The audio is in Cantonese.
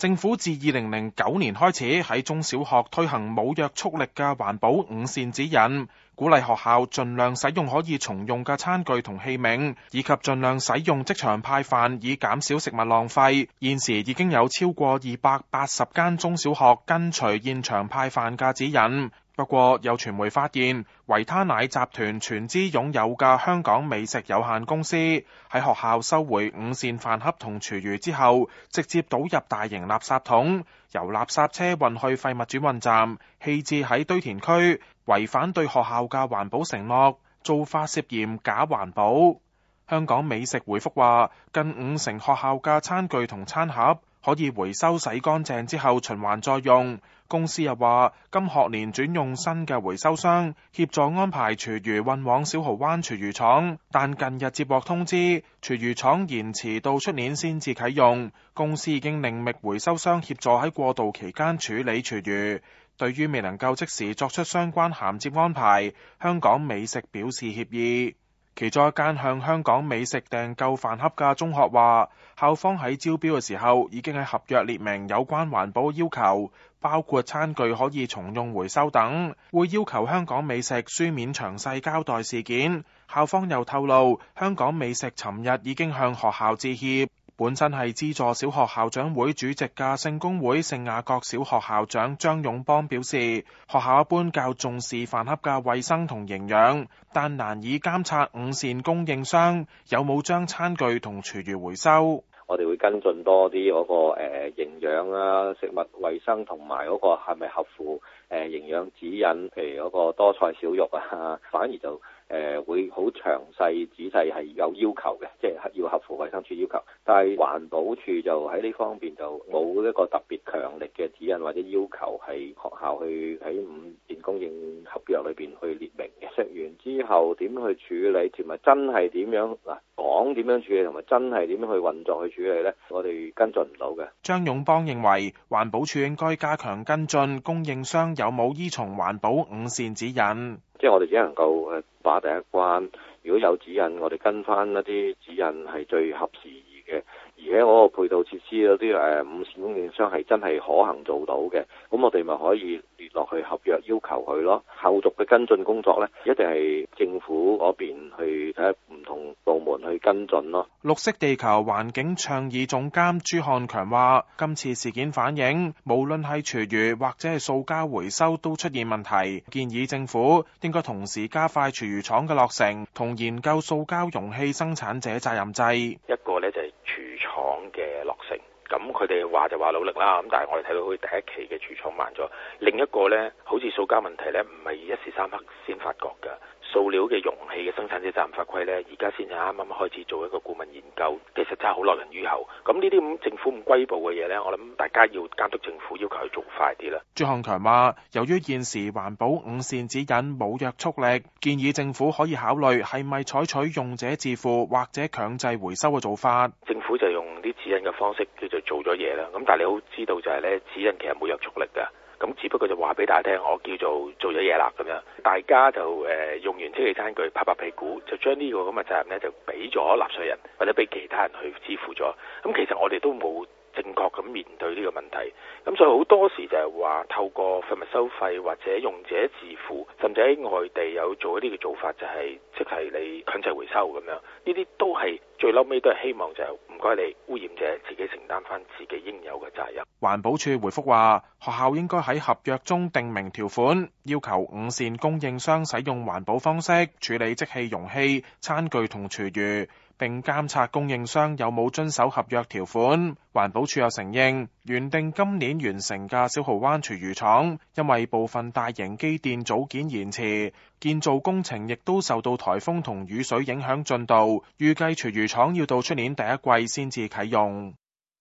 政府自二零零九年開始喺中小學推行冇約束力嘅環保午膳指引，鼓勵學校儘量使用可以重用嘅餐具同器皿，以及儘量使用即場派飯，以減少食物浪費。現時已經有超過二百八十間中小學跟隨現場派飯嘅指引。不過有傳媒發現，維他奶集團全資擁有嘅香港美食有限公司喺學校收回午膳飯盒同廚餘之後，直接倒入大型垃圾桶，由垃圾車運去廢物轉運站，棄置喺堆填區，違反對學校嘅環保承諾，做法涉嫌假環保。香港美食回覆話，近五成學校嘅餐具同餐盒可以回收洗乾淨之後循環再用。公司又話：今學年轉用新嘅回收商協助安排廚餘運往小蠔灣廚餘廠，但近日接獲通知，廚餘廠延遲到出年先至啟用。公司已經另覓回收商協助喺過渡期間處理廚餘。對於未能夠即時作出相關銜接安排，香港美食表示歉意。其中一間向香港美食訂購飯盒嘅中學話，校方喺招標嘅時候已經喺合約列明有關環保要求，包括餐具可以重用回收等，會要求香港美食書面詳細交代事件。校方又透露，香港美食尋日已經向學校致歉。本身係資助小學校長會主席嘅聖公會聖雅各小學校長張勇邦表示，學校一般較重視飯盒嘅衛生同營養，但難以監察午膳供應商有冇將餐具同廚餘回收。我哋會跟進多啲嗰個誒營養啦、啊、食物衞生同埋嗰個係咪合乎誒營養指引，譬如嗰個多菜少肉啊，反而就，誒會好詳細仔細係有要求嘅，即係要合乎衞生署要求。但係環保署就喺呢方面就冇一個特別強力嘅指引或者要求，係學校去喺午膳供應合約裏邊去列明嘅。食完之後點去處理，同埋真係點樣嗱講點樣處理，同埋真係點樣去運作去處理呢，我哋跟進唔到嘅。張勇邦認為環保署應該加強跟進供應商有冇依從環保午膳指引，即係我哋只能夠打第一關，如果有指引，我哋跟翻一啲指引係最合時宜嘅。而且嗰個配套設施嗰啲誒午膳供應商係真係可行做到嘅，咁我哋咪可以。落去合約要求佢咯，後續嘅跟進工作咧，一定係政府嗰邊去睇唔同部門去跟進咯。綠色地球環境倡議總監朱漢強話，今次事件反映，無論係廚餘或者係塑膠回收都出現問題，建議政府應該同時加快廚餘廠嘅落成，同研究塑膠容器生產者責任制。一個咧就係、是、廚廠嘅落成。咁佢哋話就話努力啦，咁但係我哋睇到佢第一期嘅廚餘廠慢咗，另一個咧好似塑膠問題咧，唔係一時三刻先發覺噶。塑料嘅容器嘅生產者責任法規呢，而家先至啱啱開始做一個顧問研究，其實真係好落人於後。咁呢啲咁政府唔龜步嘅嘢呢，我諗大家要監督政府，要求佢做快啲啦。朱漢強話，由於現時環保午膳指引冇約束力，建議政府可以考慮係咪採取用者自付或者強制回收嘅做法。政府就用啲指引嘅方式，叫做做咗嘢啦。咁但係你好知道就係咧，指引其實冇約束力㗎。咁只不過就話俾大家聽，我叫做做咗嘢啦，咁樣大家就誒、呃、用完即棄餐具拍拍屁股，就將呢個咁嘅責任咧就俾咗納稅人或者俾其他人去支付咗。咁、嗯、其實我哋都冇。正確咁面對呢個問題，咁所以好多時就係話透過廢物收費或者用者自付，甚至喺外地有做一啲嘅做法、就是，就係即係你強制回收咁樣，呢啲都係最嬲尾都係希望就係唔該你污染者自己承擔返自己應有嘅責任。環保署回覆話，學校應該喺合約中訂明條款，要求午膳供應商使用環保方式處理即棄容器、餐具同廚餘。並監察供應商有冇遵守合約條款。環保署又承認，原定今年完成嘅小蠔灣廚餘廠，因為部分大型機電組件延遲，建造工程亦都受到台風同雨水影響進度，預計廚餘廠要到出年第一季先至啟用。